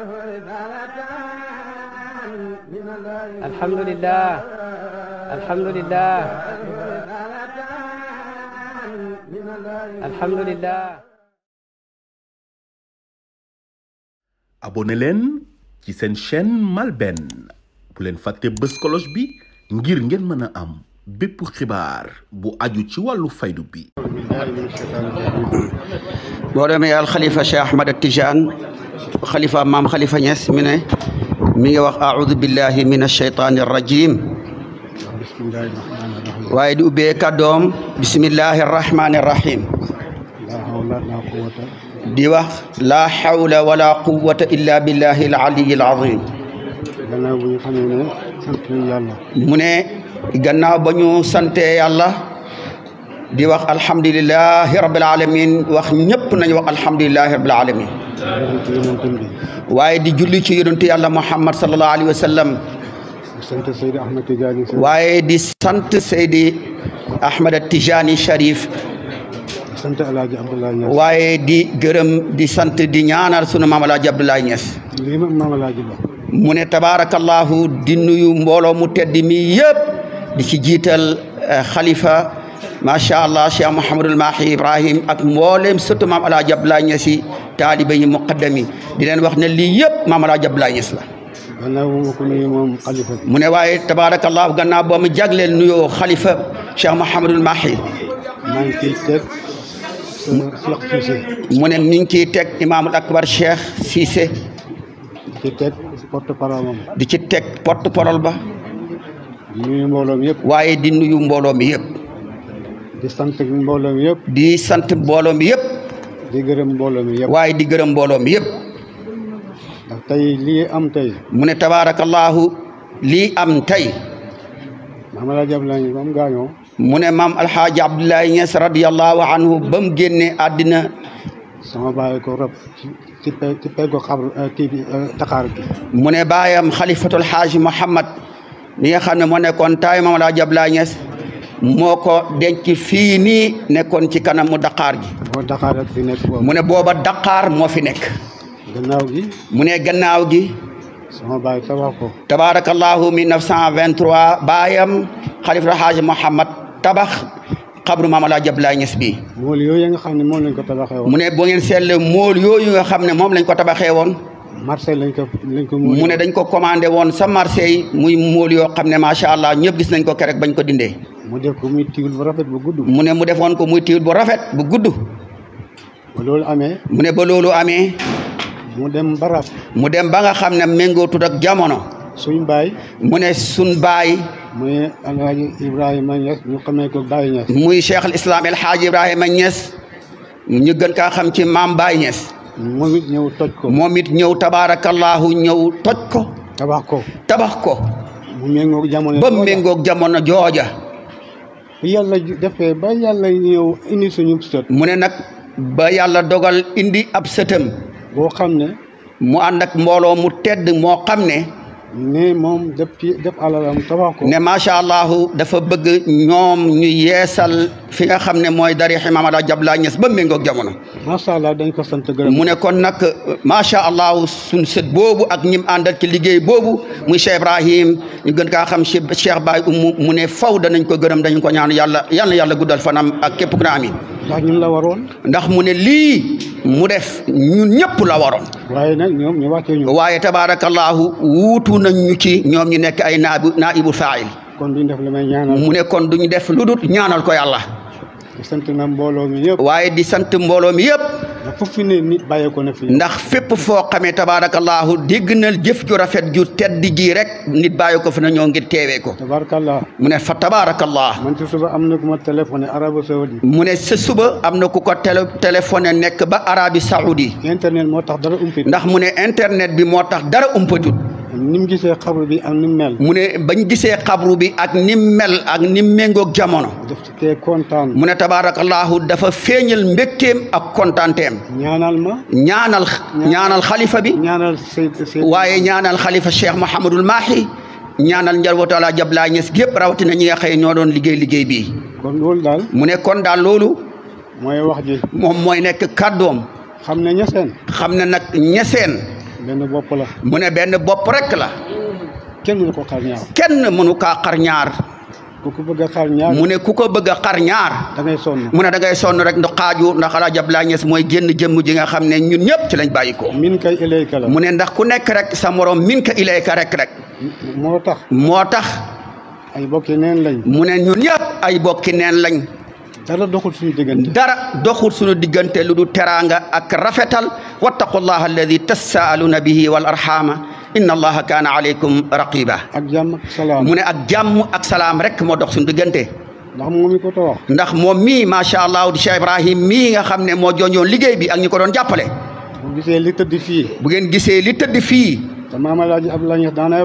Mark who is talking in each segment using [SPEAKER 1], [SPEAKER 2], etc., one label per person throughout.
[SPEAKER 1] alhamdulilah
[SPEAKER 2] alhamdulilah alhamdulilah
[SPEAKER 1] abonné leen ci seen chaîne MALBN bu leen fàtte bës cloche bi ngir ngeen mën a am bépp xibaar bu aju ci wàllu faydu bi boo demee al xalifa Cheikh Ahmad Tijaan xalifa maam xalifa Niass mi ne mi ngi wax aoudu billahi min alcheytaani arrajim waaye di ubbee kàddoom bismillahi arrahmani arrahim di wax laa hawla wala quwwata illa billahi alaliyi alazim mu ne gannaaw ba ñu sante yàlla di wax alhamdulilahi rabbil alamin wax ñëpp nañu wax alhamdulilahi rabbil alamin waaye di julli ci yonentu yàlla muhammad sallallahu alayhi wa sallam waaye di sant Seydi Ahmed Tijani Sharif waaye di gërëm di sant di ñaanal sunu maam Alaaji Abdoulaye Niass mu ne tabaarakallaahu di nuyu mbooloo mu tedd mi yëpp di ci jiital eh, xalifa macha allah cheikh mouhamadul mahi ibrahim ak mbooleem surtout maam alaaji Abdoulaye Niass yi taalibe yi di leen wax ne lii yëpp maam alaaji Abdoulaye Niass la mu ne waaye tabaarakallahu gannaaw boo mu jagleel nuyoo xalifa cheikh mouhamadul mahi mu ne mi ngi ciy teg imaamul akbar cheikh Cissé di ci teg porte parole di ci teg porte ba mbooloo yëpp waaye di nuyu mbooloo mi yëpp di sant mbooloo mi yëpp. di sant mbooloo mi yëpp. di gërëm mbooloo waaye di gërëm mbooloo mi yëpp. lii am tey. mu ne tabaarakallaahu lii am tey. maam Alaaji mu ne maam Alaaji Abdoulaye Niass radiyallaahu anhu ba mu génnee àddina. sama baay ko eh, eh, mu ne baayam xalifatul xaaji Muhammad mi nga xam ne moo nekkoon taay maam Alaaji Abdoulaye Niass. moo ko denc fii nii nekkoon ci kanamu daqaar gi. mu ne booba daqaar moo fi nekk. gannaaw gi. mu ne gannaaw gi. sama baay tabax ko. tabaarakallahu 1923 baayam xalifa Haaji Mouhamad tabax xabru Maam Alaaji Abdoulaye Niass bi.
[SPEAKER 2] mool yooyu nga xam ne moom lañ ko tabaxee mu ne boo ngeen
[SPEAKER 1] mool yooyu nga xam ne moom lañ ko tabaxee woon. marché lañ ko lañ ko mu ne dañ ko commandé woon sa marché yi muy mool yoo xam ne macha allah ñëpp gis nañ ko kerek bañ ko dindee.
[SPEAKER 2] mu def ko muy tiwul bu rafet bu
[SPEAKER 1] gudd. mu ne mu def woon ko muy tiwul bu rafet bu gudd. ba amee. mu ne ba loolu amee. mu dem barab. mu dem ba nga xam ne méngootul ak jamono. suñ baay. mu ne suñ baay. muy alhaji Ibrahima Niass ñu ko muy cheikh al islam El Hadj Ibrahima ñu gën kaa xam ci maam baay Niass. moom ñëw toj ko. moom it ñëw tabaarakallaahu ñëw toj ko. tabax ko tabax ko.
[SPEAKER 2] mu méngoog jamono jooja mu méngoog
[SPEAKER 1] jamono jooja. yàlla defee ba yàlla ñëw indi suñu sët. mu ne nag ba yàlla dogal indi ab sëtam. boo xam ne. mu ànd mbooloo mu tedd moo xam ne. ne moom
[SPEAKER 2] def ci
[SPEAKER 1] allah dafa bëgg ñoom ñu yeesal fi nga xam ne mooy dari Mamada Jabla Ñas ba méngoog jamono.
[SPEAKER 2] macha allah dañ ko sant gërëm. mu ne kon
[SPEAKER 1] nag macha allah suñ sët boobu ak ñim àndal ci liggéey boobu muy Cheikh Ibrahim ñu gën kaa xam Cheikh Baye Oumou mu ne faw danañ ko gërëm dañ ko ñaan yàlla yàlla yàlla guddal fanam ak képp ku amin. ndax mu ne lii. mu def ñun ñëpp la waroon. waaye nag ñoom ñu wàccee ñu. waaye tabaarakallaahu wuutu nañ ñu ci ñoom ñu nekk ay naabu naaibul faa'il. kon duñ def lu may ñaanal. mu ne kon duñ def lu dul ñaanal ko yàlla. di sant na mbooloo mi waaye di sant mbooloo mi yëpp. fi ndax fépp foo xamee tabaarakallaahu dégg na jëf ju rafet ju tedd ji rek nit bàyyi ko fi na ñoo ngir teewee ko mu ne fa tabaarakallah man suba am na téléphoné arabe saoudi mu ne sa suba am na ku ko télé téléphoné nekk ba arabi saoudi
[SPEAKER 2] internet moo tax dara
[SPEAKER 1] umpatut ndax mu ne internet bi moo tax dara umpatut
[SPEAKER 2] ni mu gisee bi ak ni
[SPEAKER 1] mel. mu ne bañ gisee xabru bi ak ni mu mel ak ni méngoog jamono. mu ne tabaarakallaahu dafa feeñal mbégteem ak kontaanteem. ñaanal ma. ñaanal ñaanal xalifa bi. ñaanal waaye ñaanal xalifa Cheikh Mouhamadul Mahi. ñaanal njabootu Alaaji Abdoulaye Niass gépp rawatina ñi nga xëy ñoo doon liggéey liggéey bi kon mu ne kon daal loolu. mooy wax moom mooy nekk kàddoom. xam ne ñeseen. xam ne nag ñeseen. benn bopp la. mu ne benn bopp rek la.
[SPEAKER 2] kenn mënu ko xar ñaar.
[SPEAKER 1] kenn mënu kaa xar ñaar. ku ko bëgg a xar ñaar mu ne ku ko bëgg a xar ñaar. da ngay mu ne da ngay sonn rek ndax xaaju ndax El Hadj Abdoulaye Niass mooy génn jëmm ji nga xam ne ñun ñëpp ci lañ bàyyi ko. min kay ilayka mu ne ndax ku nekk rek sa morom min ka ilayka rek rek. moo tax moo tax. ay bokki neen mu ne ñun ñëpp ay bokki neen lañ. dara doxul suñu diggante dara doxul suñu diggante lu du teraanga ak rafetal wattaqullaha alladi tasaaluna bihi wal arhama inna allaha kaana aleykum raqiba ak jàmm ak salaam mu ne ak jàmm ak salaam rek moo dox suñu diggante ndax moom ndax moom mii macha allah di Cheikh Ibrahim mii nga xam ne moo joojoon liggéey bi ak ñi ko doon jàppale li tëdd fii bu ngeen gisee li tëdd fii te maam Alaaji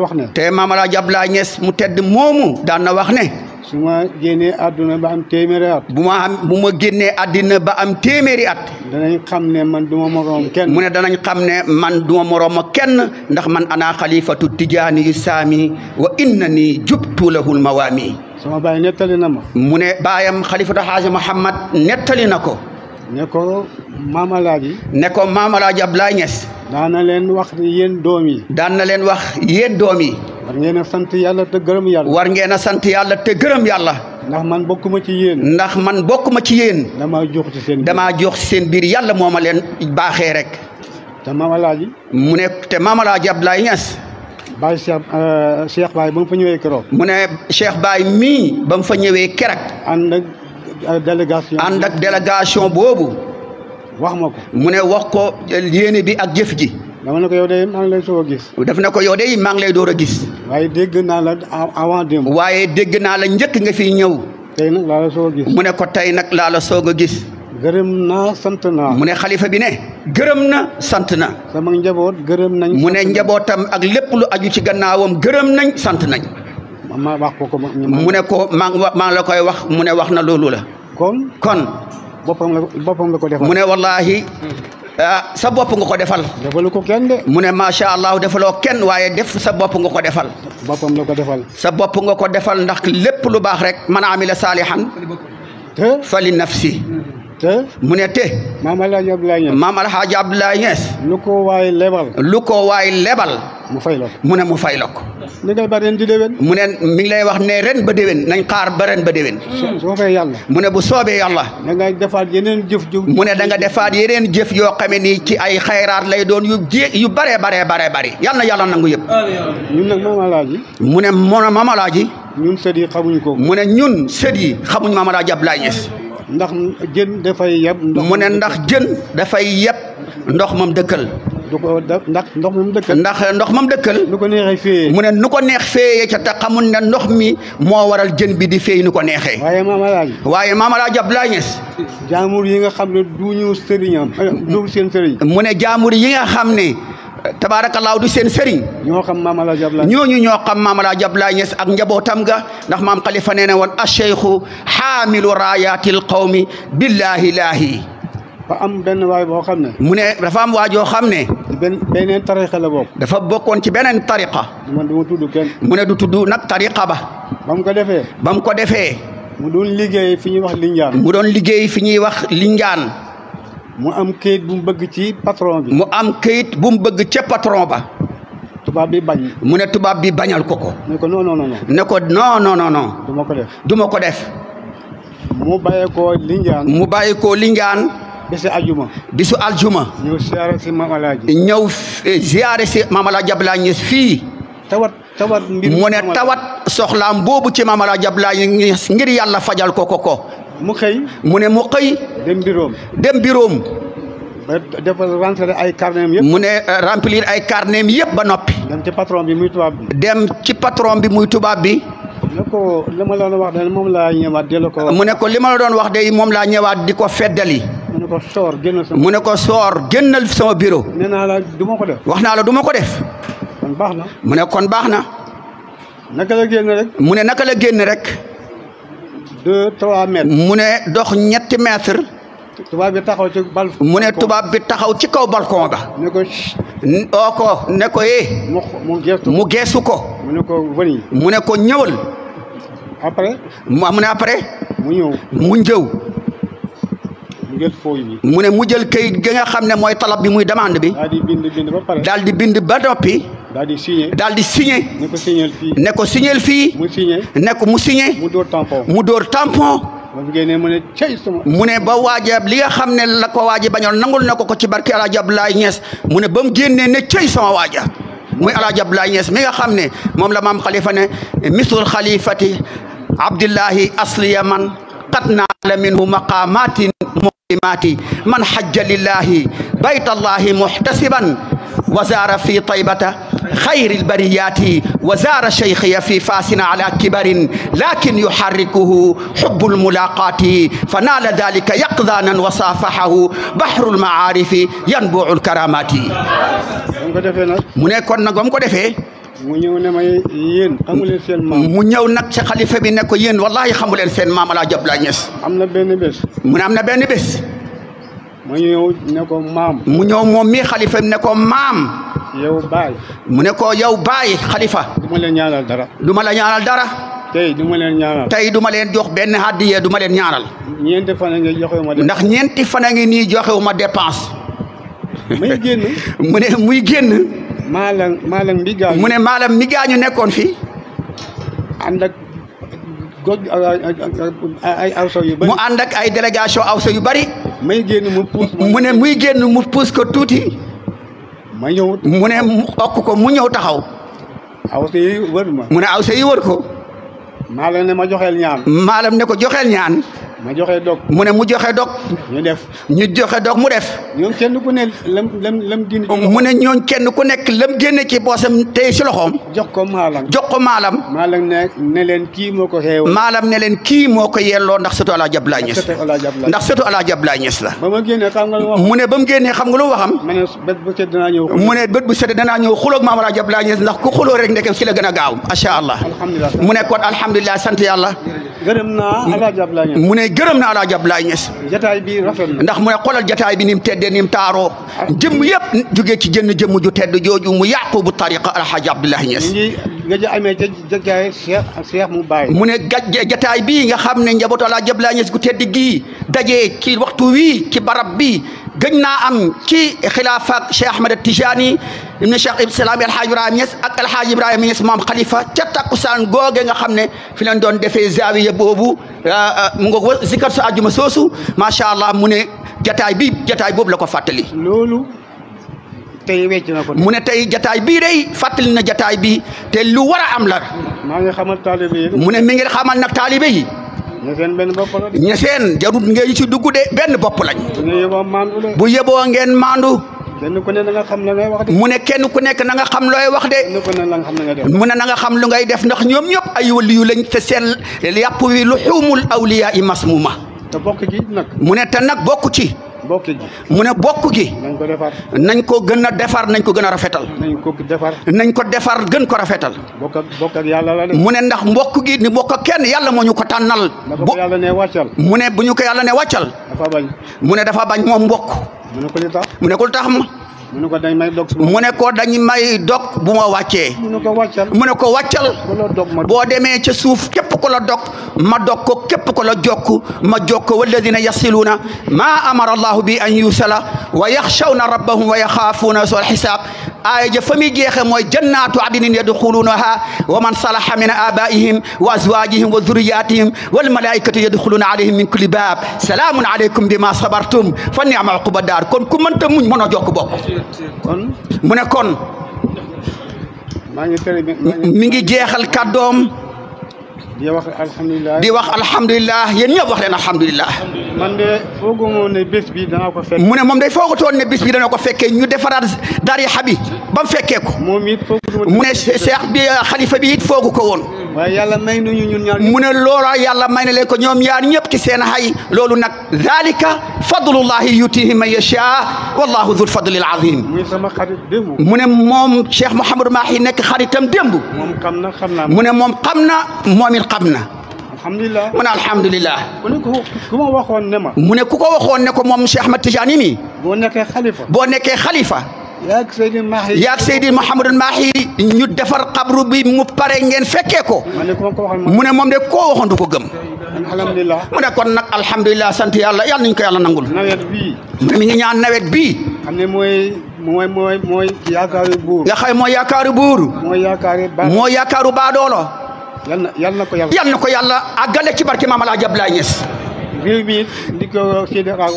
[SPEAKER 1] wax ne te maam Alaaji Abdoulaye Niass mu tedd moomu daan na wax ne su ma génnee àdduna ba am téeméeri at. bu ma am bu ma génnee àddina ba am téeméeri at. danañ xam ne man du moroom kenn. mu ne danañ xam ne man du ma moroom kenn ndax man ana xalifatu tijaani yu saami wa inna ni jubtu lahul mawaami. sama baay nettali na ma. mu ne baayam xalifatu Haaji Muhammad nettali na ko.
[SPEAKER 2] ne ko maam Alaaji.
[SPEAKER 1] ne ko maam Alaaji Abdoulaye Niass. daan na leen wax yéen doom yi. daan leen wax yéen doom yi. war ngeen a sant yàlla te gërëm yàlla. war ngeen a sant yàlla te gërëm yàlla. ndax man bokkuma ci yéen. ndax man bokkuma ci yéen. dama jox ci seen biir damaa jox ci seen biir yàlla moo ma leen baaxee rek. te Mamalaaji. mu ne te Mamalaaji Abdoulaye Niass.
[SPEAKER 2] Baye Cheikh Cheikh
[SPEAKER 1] Baye ba mu fa ñëwee keroog. mu ne Cheikh baay mii ba mu fa ñëwee keroog. ànd ak eh, délégation. ànd ak délégation boobu. wax ma ko. mu ne wax ko yéene bi ak jëf ji. dama na ko yow de maa ngi lay soog a ko yow de maa ngi door a gis. waaye dégg naa la démb. waaye dégg naa la njëkk nga fiy ñëw. tey nag laa mu ne ko tey nag laa la soog a gis. gërëm naa sant naa. mu ne xalifa bi ne. gërëm na sant na. sama njaboot gërëm nañ. mu ne njabootam ak lépp lu aju ci gannaawam gërëm nañ sant nañ. wax ko ko mu ne ko maa la koy wax mu ne wax na loolu la.
[SPEAKER 2] kon kon. boppam la ko
[SPEAKER 1] mu ne wallaahi. Hmm. Ah, sa bopp nga ko defal. defalu ko kenn mu ne macha allah defaloo kenn waaye def sa bopp nga ko defal.
[SPEAKER 2] boppam la ko defal.
[SPEAKER 1] sa bopp nga ko defal ndax lépp lu baax rek man amila saalihan te fali nafsi te mu ne te. maam El Hadj Abdoulaye Niass. maam El Hadj Abdoulaye Niass. lu ko waay lebal. lu ko waay lebal. mu fay la mu ne mu fay la ko. ba mu ne mi ngi lay wax ne ba déwén nañ xaar ba ba déwén. Hmm. soo soobee mu ne bu soobee yàlla. da ngay defaat yeneen jëf ju. mu ne da nga defaat yeneen jëf yoo xam ne nii ci ay xayraat lay doon yu jé yu baree baree baree bari yàlla na yàlla nangu yëpp. ñun nag maama laaji. mu ne moom maama laaji. ñun sët yi xamuñ ko. mu ne ñun sët yi xamuñ maama laaji Abdoulaye Niass. ndax jën dafay yeb. mu ne ndax jën dafay yeb ndox moom
[SPEAKER 2] dëkkal du ko ndax ndox mi mu dëkkal. ndax ndox mam
[SPEAKER 1] dëkkal. nu ko neexee feeyee. mu ne nu ko neex feeyee ca te xamul ne ndox mi moo waral jën bi di feey nu ko neexee. waaye maam Alaaji. waaye maam Alaaji Abdoulaye Niass. jaamur yi nga xam ne du ñu sëriñam du seen sëriñ. mu ne jaamur yi nga xam ne. tabaarakallaahu du seen sëriñ. ñoo xam maam El Hadj Abdoulaye ñooñu ñoo xam maam El Hadj Abdoulaye Niass ak njabootam ga ndax maam Khalifa nee na woon acheikhu xaamilu raayatil qawmi billahi laahi ba am benn waay boo xam ne. mu ne dafa am waay joo xam ne. benn beneen tariqa la bokk. dafa bokkoon ci beneen tariqa. mu ne du tudd nag tariqa ba. ba mu ko defee. ba mu ko defee. mu doon liggéey fi ñuy wax Linjaan. mu doon liggéey fu ñuy wax Linjaan. mu am këyit bu bëgg ci patron bi. mu am këyit bu mu bëgg ca patron ba. tubaab bi bañ. mu ne tubaab bi bañal ko ko.
[SPEAKER 2] ne ko non non non.
[SPEAKER 1] ne ko non non du ma ko def. du ma ko def. mu bàyyeekoo Linjaan. mu Linjaan. bisu aljuma. bisu aljuma. ñëw ziare si Mame El Hadji. ñëw ziare eh, si Mame El Hadji Abdoulaye Niass fii. tawat tawat mbir mu ne tawat soxlaam boobu ci Mame El Hadji Abdoulaye Niass ngir yàlla fajal ko ko ko. mu xëy. mu ne mu xëy. dem biroom dem biroom.
[SPEAKER 2] ba dafa remplir ay
[SPEAKER 1] carnet yëpp. mu ne eh, remplir ay carnet yëpp ba noppi. dem ci patron bi muy tubaab bi. dem ci patron
[SPEAKER 2] bi muy tubaab bi. ne ko li ma la doon wax de moom laa ñëwaat delloo ko. mu ne ko li ma la doon
[SPEAKER 1] wax de moom laa ñëwaat di ko feddali.
[SPEAKER 2] mu ne ko soor génnal sama.
[SPEAKER 1] mu ne ko soor génnal sama bureau.
[SPEAKER 2] nee la du ko def.
[SPEAKER 1] wax naa la ko def. baax na. mu ne kon baax na. mu ne naka la génn rek. deux mu ne dox ñetti mètres. tubaab taxaw ci mu ne tubaab bi taxaw ci kaw balcon ba. ne ko. oo ko ne eh. ko mu geesu ko mu geesu mu ne ko ñëwal. après. mu ne après. mu ñëw mu njëw. mu ne mu jël kayit gi nga xam ne mooy talab bi muy demande bi. daal di bind bind ba pare. daal di bind ba noppi. di signé daal di signé. ne ne ko signéel fii. mu signé ne ko mu signé. mu mu ne ba waajab li nga xam ne la ko waaja bañoon nangul na ko ko ci barke El Hadj Abdoulaye mu ne ba mu génnee ne cey sama waaja muy El Hadj Abdoulaye Niass mi nga xam ne moom la maam xalifa ne mislul xalifati abdillahi asliya man qad naala minhu maqamatin muslimaati man hajja lillahi bayt allahi muhtasiban wa zaara fi taybata xayril bariyaati wa zaara shaykhiya fi faasina ala kibarin laakin yuharrikuhu xubbul mulaaqaati fa naala dalika yaqdaanan wa saafahahu bahrul macaarifi yanbuucul karaamaati mu ne kon nag ba mu ko defee
[SPEAKER 2] mu ñëw ne ma yéen
[SPEAKER 1] xamu leen seen maam. mu ñëw nag ci xalifa bi ne ko yéen wallahi xamu leen seen maam Alaaji Abdoulaye Niass. am na benn bés. mu ne am na benn bes mu ñëw ne ko maam. mu ñëw moom mi xalifa bi ne maam. yow baay. mu ne ko yow baay xalifa. du ma leen ñaanal dara. duma ma la ñaanal dara. tey du ma leen tey du ma leen jox benn hadiya du ma leen ñaanal. ñeenti fan a ngi joxe wu ma. ndax ñeenti fan a nii joxe ma dépense. mu ne muy génn. maalam maalam mi gaañu. mu ne maalam mi gaañu nekkoon fii.
[SPEAKER 2] ànd ak goj ay
[SPEAKER 1] mu ànd ak ay délégation awso yu bari. may mu ne muy génn mu puus ko tuuti. ma ñëw mu ne okk ko mu ñëw taxaw. awso yi wër ma. mu ne awso yi wër ko. maalam ne ma joxeel ñaan. maalam ne ko joxeel ñaan. ma joxe dog mu ne mu joxe dog. ñu def ñu joxe dog mu def. ñoom kenn ku ne lam lam lam génne. mu ne ñoom kenn ku nekk la lam génne ci boosam tey si loxoom. jox ko maalam jox ko maalam.
[SPEAKER 2] maalam ne ne leen kii moo ko xeewoo.
[SPEAKER 1] ne leen kii moo ko yelloo ndax surtout ala
[SPEAKER 2] jabla ñes. ndax surtout
[SPEAKER 1] ala jabla ñes la.
[SPEAKER 2] ba ma génnee xam nga lu wax. mu ne ba mu génnee xam nga lu waxam. mu ne
[SPEAKER 1] bët ñëw. mu ne bët bu set danaa ñëw xuloog maam ala jabla ñes ndax ku xuloo rek nekk si la gën a gaaw. macha
[SPEAKER 2] allah mu
[SPEAKER 1] ne kon alhamdulilah sant yàlla gërëm naa El Hadj Abdoulaye mu ne gërëm naa El Hadj Abdoulaye Niass. jataay rafet na ndax mu ne xoolal jataay bi ni mu teddee ni taaroo. Ah. jëmm yëpp jógee ci jënn jëmm ju tedd jooju mu yaqubu tariqa El Hadj Abdoulaye Niass.
[SPEAKER 2] nga jë amee ca ak Cheikh mu bàyyi. mu
[SPEAKER 1] ne gaj jataay bi nga xam ne njabootu El Hadj Abdoulaye Niass gu tedd gii dajee ci waxtu wii ci barab bi gëj naa am ci xilaafa Cheikh Ahmed Tijani. ibnu cheikh ibsalaam yi alxaaj ibrahima ñes maam xalifa ca takkusaan googe nga xam ne fi leen doon defee zaawiya boobu euh, euh, mu nga wa zikar su àjjuma soosu macha allah mu ne jataay bi jataay boobu la ko fàttali loolu tey wecc na ko mu ne tey jataay bii day fàttali na jataay bi te lu war a am la
[SPEAKER 2] maa ngi xamal taalibe mu ne mi ngi nag taalibe yi ñeseen benn bopp la
[SPEAKER 1] jarut ngeen ci dugg de
[SPEAKER 2] benn bopp lañ bu yeboo ngeen maandu kenn ne na nga xam la ngay wax mu ne
[SPEAKER 1] kenn ku nekk na nga xam looy wax de. mu ne na nga xam lu ngay def ndax ñoom ñëpp ay waliyu lañ te seen yàpp wi luxuumul awliyaa i masmuma. te bokk ci nag. mu ne te nag bokk ci. bokk gi mu ne bokk gi. nañ ko defar nañ ko gën a defar nañ ko gën a rafetal. nañ ko defar nañ ko defar gën ko rafetal.
[SPEAKER 2] bokk ak yàlla la mu ne ndax
[SPEAKER 1] mbokk gi ni bokk ak kenn yàlla moo ñu ko tànnal. bu mu ne bu ñu ko yàlla ne wàccal. dafa mu ne dafa bañ moom mbokk. mu ne ko li tax mu ne ko li tax ma.
[SPEAKER 2] mu ne ko dañ may dog
[SPEAKER 1] mu ne ko dañ may dog bu ma wàccee.
[SPEAKER 2] mu ne ko wàccal mu ne ko wàccal.
[SPEAKER 1] boo demee ca suuf képp ko la dog ma dog ko képp ko la jokk ma jokk walladina yasiluuna maa amara allahu bi an yusala wa yaxshawna rabbahum wa yaxaafuuna soo xisaab aaya ja fa muy jeexe mooy jannaatu adnin yadxuluunaha wa man salaha min abaihim wa azwajihim wa zurriyatihim wal malaikatu yadxuluuna alayhim min kulli baab salaamun aleykum bima sabartum fa ni'ma uqba daar kon ku mënta muñ mënoo jokk bokk kon mu ne kon
[SPEAKER 2] mi ngi jeexal kàddoom di wax alhamdulilah di wax
[SPEAKER 1] alhamdulilah yéen ñëpp wax leen alhamdulilah
[SPEAKER 2] man de foogumoon ne bés ko fekkee. mu ne moom
[SPEAKER 1] day foogutoon ne bés bi dana ko fekkee ñu defaraat tariixa bi ba mu fekkee ko. moom it foogu bi xalifa bi it foogu ko woon.
[SPEAKER 2] yàlla may nañu ñun ñaar mu ne loola yàlla may na leen
[SPEAKER 1] ko ñoom ñaar ñëpp ci seen xay loolu nag dalika fadlullahi yutihi man yashaa wallahu dul fadlil azim
[SPEAKER 2] muy sama xarit
[SPEAKER 1] mu ne moom cheikh Mouhamadou Mahi nekk xaritam démb
[SPEAKER 2] moom xam na xam na mu ne moom
[SPEAKER 1] xam na moom xam na
[SPEAKER 2] alhamdulilah mu ne alhamdulilah. mu ne ku ma waxoon ne ma. mu
[SPEAKER 1] ne ku ko waxoon ne ko moom Cheikh Ahmed Tidiane mi.
[SPEAKER 2] boo nekkee xalifa. boo nekkee xalifa. yaag Seydi Mahir yaag Seydi Mouhamadul Mahir
[SPEAKER 1] ñu defar xabru bi mu pare ngeen fekkee ko. mu ne moom de koo waxoon du ko gëm.
[SPEAKER 2] alhamdulilah mu
[SPEAKER 1] ne kon nag alhamdulilah sant yàlla yàlla nañu ko yàlla nangul. nawet bii. mi ngi ñaan nawet bi
[SPEAKER 2] xam ne mooy mooy mooy mooy yaakaaru buur. nga xam ne mooy yaakaaru yaakaaru baadoolo.
[SPEAKER 1] yal na yal na ko yàlla. yal na ko yàlla àggale ci barke Maam Alaaji Abdoulaye Niass.
[SPEAKER 2] réew mi ni ko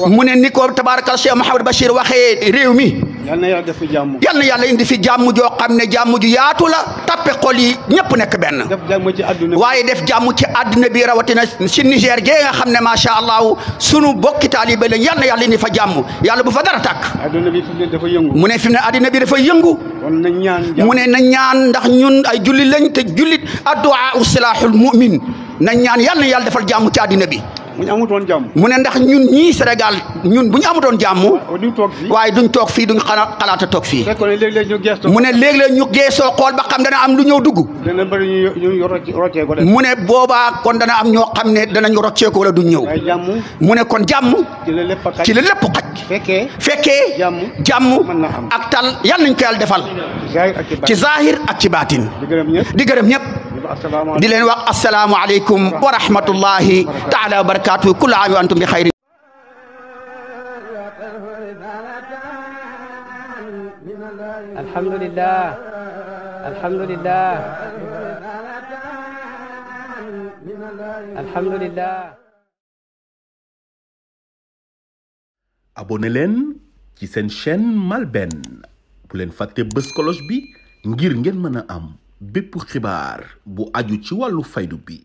[SPEAKER 2] mu
[SPEAKER 1] ne ni ko tabaaraka Cheikh Mouhamed Bachir waxee réew mi. yal na yàlla def fi jàmm. yal na yàlla indi fi jàmm joo xam ne jàmm ju yaatu tappe xol yi ñëpp nekk benn. def jàmm ci àdduna waaye def jàmm ci àdduna bi rawatina si Niger gee nga xam ne macha allah sunu bokki taalibe lañ yal na yàlla indi fa jàmm yàlla bu fa dara tàkk. mu
[SPEAKER 2] ne dafa
[SPEAKER 1] yëngu. mu ne fi mu ne àdduna bi dafa yëngu.
[SPEAKER 2] na ñaan mu ne na
[SPEAKER 1] ñaan ndax ñun ay jullit lañ te jullit addu'a u silaaxul mu'min na ñaan yal na yàlla defal jàmm ci àddina bi bu ñu amutoon mu ne ndax ñun ñii Sénégal ñun bu ñu amutoon jàmm. waaye duñ toog fii duñ xanaa xalaat a toog fii. mu ne léeg-léeg ñu geesoo xool ba xam dana am lu ñëw dugg. dana bëri ñu rocceeku de. mu ne boobaa kon dana am ñoo xam ne danañ rocceeku wala du ñëw. mu ne kon jàmm.
[SPEAKER 2] ci la lépp xaj. fekkee fekkee
[SPEAKER 1] jàmm ak tal yal nañ ko yàlla defal. ci zahir ak ci baatin. di gërëm ñëpp. di leen wax asalaamualeykum wa rahmatullahi taala wa barakaatu kullu aam wa antum bi xayri alhamdulillah
[SPEAKER 2] alhamdulillah alhamdulillah
[SPEAKER 1] abonné leen ci seen chaîne MALBN bu leen fàtte bës cloche bi ngir ngeen mën a am bépp xibaar bu aju ci wàllu faydu bi